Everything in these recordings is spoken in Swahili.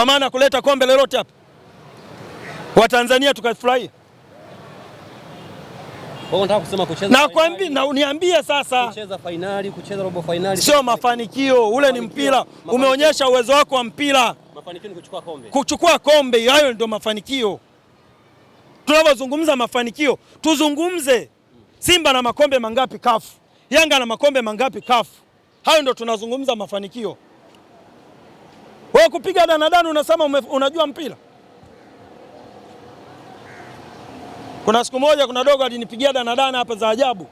kwa maana kuleta kombe lolote hapa Watanzania tukafurahia. Na uniambie sasa, kucheza finali, kucheza robo finali, sio mafanikio. Ule ni mpira, umeonyesha uwezo wako wa mpira. Mafanikio ni kuchukua kombe, kuchukua kombe, hayo ndio mafanikio. Tunavyozungumza mafanikio, tuzungumze Simba na makombe mangapi kafu, Yanga na makombe mangapi kafu, hayo ndio tunazungumza mafanikio. Wewe kupiga danadana unasema unajua mpira. Kuna siku moja kuna dogo alinipigia danadana hapa za ajabu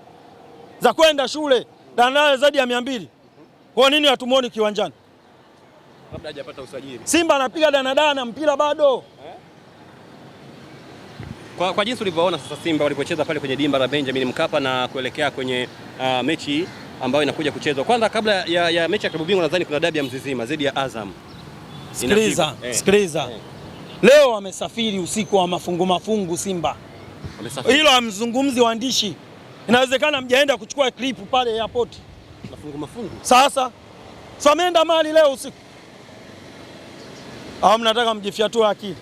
za kwenda shule danadana zaidi ya mia mbili. Kwa nini hatumuoni kiwanjani? Labda hajapata usajili. Simba anapiga danadana mpira bado Kwa, kwa jinsi ulivyoona sasa Simba walipocheza pale kwenye dimba la Benjamin Mkapa na kuelekea kwenye uh, mechi ambayo inakuja kuchezwa kwanza, kabla ya, ya mechi ya klabu bingwa, nadhani kuna dabi ya Mzizima dhidi ya Azam. Sikiliza, eh. sikiliza. Eh. Leo wamesafiri usiku wa mafungu mafungu Simba. Hilo amzungumzi waandishi. Inawezekana mjaenda kuchukua klipu pale airport. Mafungu mafungu. Sasa so ameenda mali leo usiku au mnataka mjifiatue akili?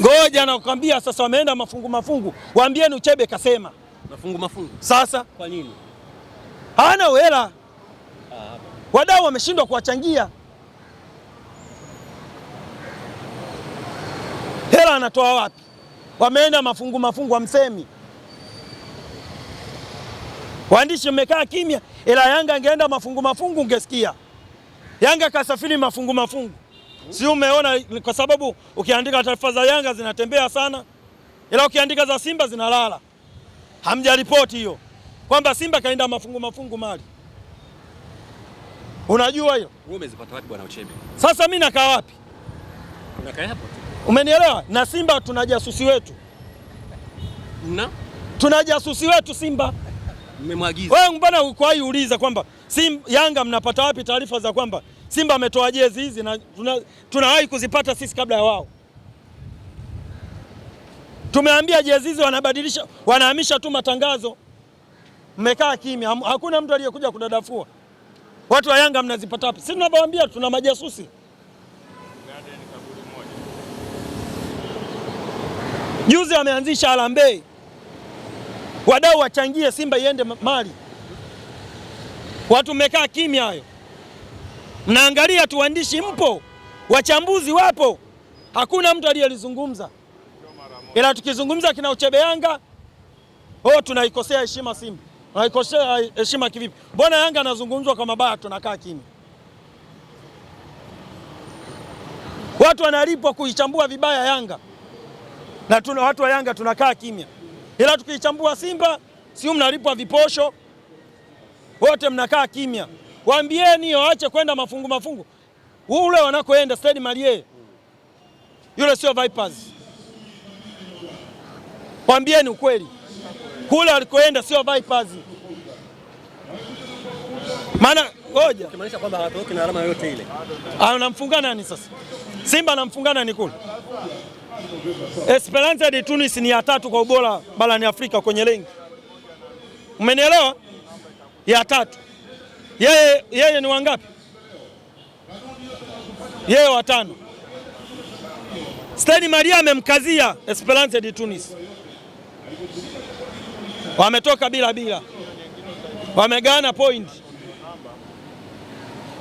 Ngoja nakwambia sasa, wameenda mafungu mafungu. Waambieni Uchebe kasema mafungu mafungu. Sasa kwa nini hana wela wadau wameshindwa kuwachangia hela, anatoa wapi? Wameenda mafungu mafungu, amsemi wa waandishi, mmekaa kimya, ila Yanga angeenda mafungu mafungu ungesikia. Yanga kasafiri mafungu mafungu, si umeona? Kwa sababu ukiandika taarifa za Yanga zinatembea sana, ila ukiandika za Simba zinalala. Hamjaripoti hiyo kwamba Simba kaenda mafungu mafungu mali Unajua hiyo? Wewe umezipata wapi bwana Uchebe? Sasa mimi nakaa wapi? Unakaa hapo tu. Umenielewa? Na Simba tuna jasusi wetu. Na? Tuna jasusi wetu Simba. Mmemwagiza. Wewe mbona ukwai uliza kwamba Simba Yanga mnapata wapi taarifa za kwamba Simba ametoa jezi hizi na tunawahi tuna kuzipata sisi kabla ya wao. Tumeambia jezi hizi wanabadilisha, wanahamisha tu matangazo. Mmekaa kimya, hakuna mtu aliyekuja kudadafua. Watu wa Yanga mnazipata wapi? Sisi tunawaambia tuna majasusi. Juzi wameanzisha Harambee, wadau wachangie Simba iende mali. Watu mmekaa kimya, hayo mnaangalia tu. Waandishi mpo, wachambuzi wapo, hakuna mtu aliyelizungumza, ila tukizungumza kina uchebe Yanga, oh, tunaikosea heshima Simba. Naikosea heshima kivipi? Mbona Yanga anazungumzwa kwa mabaya, tunakaa kimya? Watu wanalipwa kuichambua vibaya Yanga na tuna, watu wa Yanga tunakaa kimya, ila tukiichambua Simba siu mnalipwa viposho, wote mnakaa kimya. Waambieni waache kwenda mafungu mafungu, ule wanakoenda Stade Malie yule sio Vipers, waambieni ukweli kule walikoenda sio bypass. Maana ngoja kimaanisha kwamba hawatoki na alama yoyote ile. Anamfunga ah, nani sasa? Simba anamfunga nani kule? Esperance de Tunis ni ya tatu kwa ubora barani Afrika kwenye lengi, umenielewa? Ya tatu. Yeye yeye ni wangapi? Yeye watano. Stade Maria amemkazia Esperance de Tunis wametoka bila bila, wamegana point.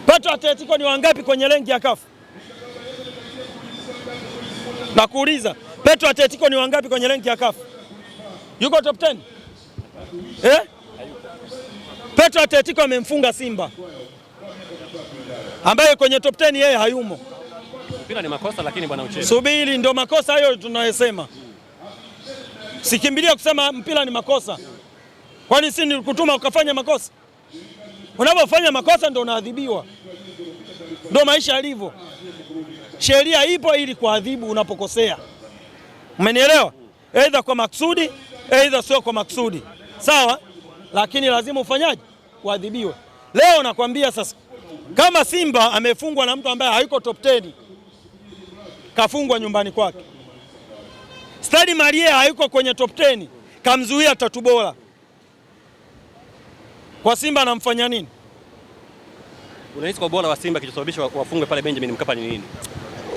Pato Atletico ni wangapi kwenye renki ya kafu? Nakuuliza, Petro Atletico ni wangapi kwenye renki ya kafu? Yuko top 10 eh? Petro Atletico amemfunga Simba ambaye kwenye top 10 yeye hayumo. Subiri, ndio makosa hayo tunayosema. Sikimbilia kusema mpira ni makosa, kwani si nilikutuma ukafanya makosa? Unapofanya makosa ndio unaadhibiwa, ndio maisha yalivyo. Sheria ipo ili kuadhibu unapokosea, umenielewa? Aidha kwa maksudi, aidha sio kwa maksudi, sawa, lakini lazima ufanyaje? Kuadhibiwe. Leo nakwambia sasa, kama Simba amefungwa na mtu ambaye hayuko top 10 kafungwa nyumbani kwake Stadi Maria hayuko kwenye top 10, kamzuia tatu bora kwa Simba anamfanya nini? Unahisi kwa bora wa Simba kilichosababisha wafungwe pale Benjamin Mkapa ni nini?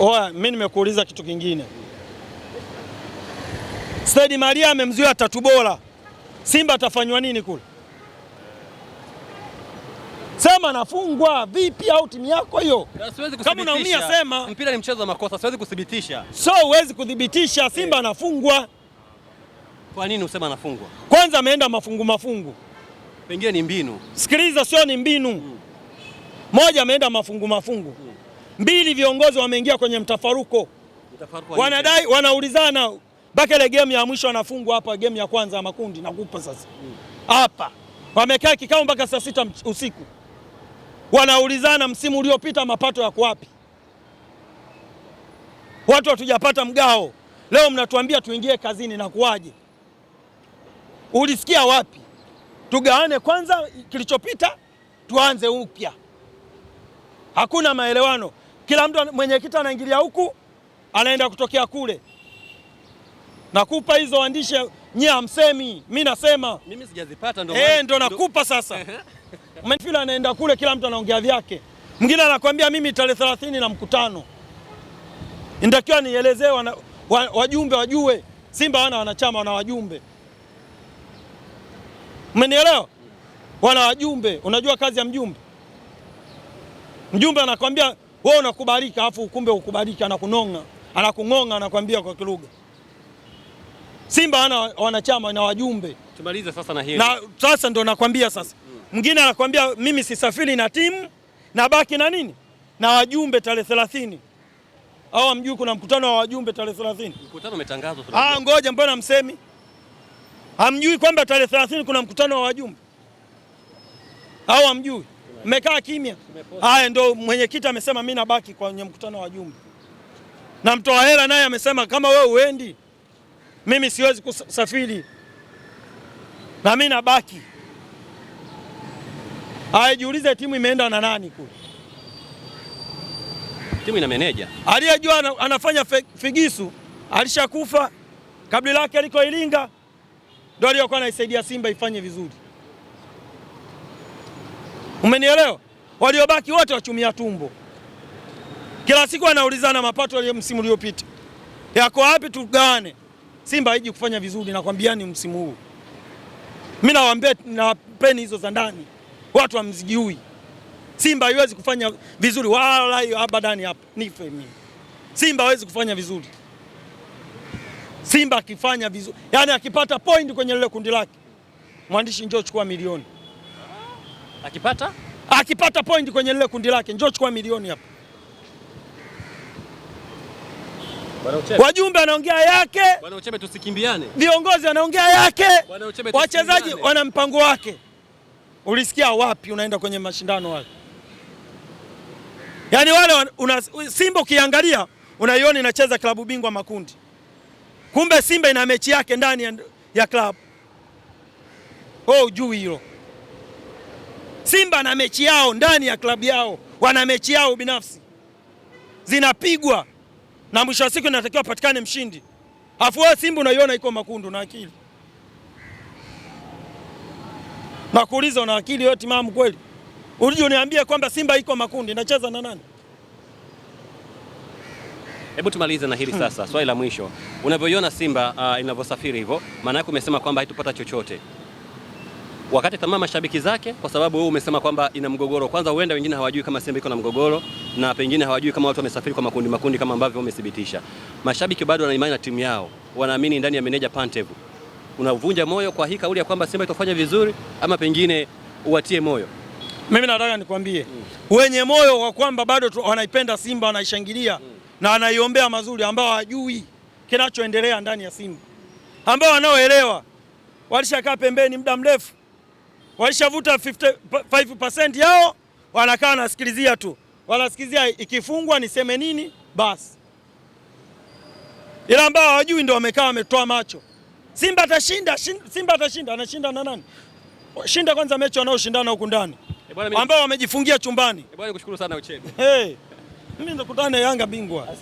Oa, mimi nimekuuliza kitu kingine. Stadi Maria amemzuia tatu bora, Simba atafanywa nini kule? sema nafungwa vipi? Au timu yako hiyo, kama unaumia sema. Mpira ni mchezo wa makosa, siwezi kuthibitisha. So huwezi kuthibitisha Simba eh. anafungwa Kwa nini usema anafungwa? Kwanza ameenda mafungu mafungu, pengine ni mbinu. Sikiliza, sio ni mbinu hmm. Moja, ameenda mafungu mafungu hmm. Mbili, viongozi wameingia kwenye mtafaruko, mtafaruko wanadai, wanaulizana mpaka ile game ya mwisho anafungwa hapa, game ya kwanza ya makundi nakupa sasa mm. hapa hmm. Wamekaa kikao mpaka saa sita usiku wanaulizana msimu uliopita mapato yako wapi? Watu hatujapata mgao, leo mnatuambia tuingie kazini na kuwaje? Ulisikia wapi? Tugawane kwanza kilichopita, tuanze upya. Hakuna maelewano, kila mtu mwenyekiti anaingilia huku, anaenda kutokea kule. Nakupa hizo waandishi nyie hamsemi, mi nasema mimi sijazipata, ndo eh, ndo nakupa sasa. Mpira anaenda kule, kila mtu anaongea vyake, mwingine anakwambia mimi tarehe thelathini na mkutano nitakiwa nielezee wana, wajumbe wajue Simba wana wanachama wana wajumbe, umenielewa? Wana wajumbe. Unajua kazi ya mjumbe? Mjumbe anakwambia wewe unakubalika, afu ukumbe ukubalika, anakunonga anakung'onga, anakwambia kwa kilugha Simba wana wanachama na wajumbe. Tumaliza sasa na hili. Na sasa ndo nakwambia sasa. Mwingine mm. anakwambia mimi sisafiri na timu na baki na nini? Na wajumbe tarehe 30. Au amjui kuna mkutano wa wajumbe tarehe 30? Mkutano umetangazwa. Ah, ngoja mbona msemi? Hamjui kwamba tarehe 30 kuna mkutano wa wajumbe? Au hamjui? Mmekaa kimya. Haya ndo mwenyekiti amesema mimi nabaki kwenye mkutano wa wajumbe. Na mtoa hela naye amesema kama wewe uendi mimi siwezi kusafiri na mimi nabaki. Aijiulize timu imeenda na nani kule, timu ina meneja aliyejua anafanya figisu, alishakufa kabla lake aliko Ilinga, ndio aliyokuwa anaisaidia Simba ifanye vizuri. Umenielewa? Waliobaki wote wachumia tumbo, kila siku anaulizana mapato ya msimu uliopita yako wapi, tugane Simba haiji kufanya vizuri, nakwambiani msimu huu. Mimi nawaambia peni hizo za ndani, watu hamzijui. Simba haiwezi kufanya vizuri wala abadani, hapa nife mimi. Simba hawezi kufanya vizuri. Simba akifanya vizuri, yani akipata point kwenye lile kundi lake, mwandishi, njoo chukua milioni. Akipata akipata point kwenye lile kundi lake, njoo chukua milioni hapa. wajumbe wanaongea yake, viongozi wanaongea yake, wachezaji wana mpango wake. Ulisikia wapi unaenda kwenye mashindano wale? Yaani wale una, Simba ukiangalia unaiona inacheza klabu bingwa makundi, kumbe Simba ina mechi yake ndani ya, ya klabu. Oh, ujui hilo. Simba na mechi yao ndani ya klabu yao, wana mechi yao binafsi zinapigwa na mwisho wa siku inatakiwa patikane mshindi. Afu wewe Simba unaiona iko makundu na akili, nakuuliza una akili wewe timamu kweli? Ulije niambia kwamba Simba iko makundi inacheza na nani? Hebu tumalize na hili sasa, swali la mwisho, unavyoiona Simba uh, inavyosafiri hivyo, maana yake umesema kwamba haitupata chochote wakati tamaa mashabiki zake, kwa sababu wewe umesema kwamba ina mgogoro. Kwanza huenda wengine hawajui kama Simba iko na mgogoro, na pengine hawajui kama watu wamesafiri kwa makundi makundi, kama ambavyo umethibitisha. Mashabiki bado wana imani na timu yao, wanaamini ndani ya meneja Pantev. Unavunja moyo kwa hii kauli ya kwamba Simba itafanya vizuri, ama pengine uwatie moyo? Mimi nataka nikwambie mm. wenye moyo kwa kwamba bado wanaipenda Simba, wanaishangilia mm. na wanaiombea mazuri, ambao hawajui kinachoendelea ndani ya Simba, ambao wanaoelewa walishakaa pembeni muda mrefu waishavuta 55% yao, wanakaa wanasikilizia tu, wanasikilizia ikifungwa niseme nini basi, ila ambao hawajui ndio wamekaa wametoa macho. Simba atashinda, Simba atashinda. Anashinda na nani? Shinda kwanza mechi wanaoshindana huku ndani eh, ambao wamejifungia chumbani. Ebwana, eh, nikushukuru sana Uchebe. Hey, mimi ndo kutane Yanga bingwa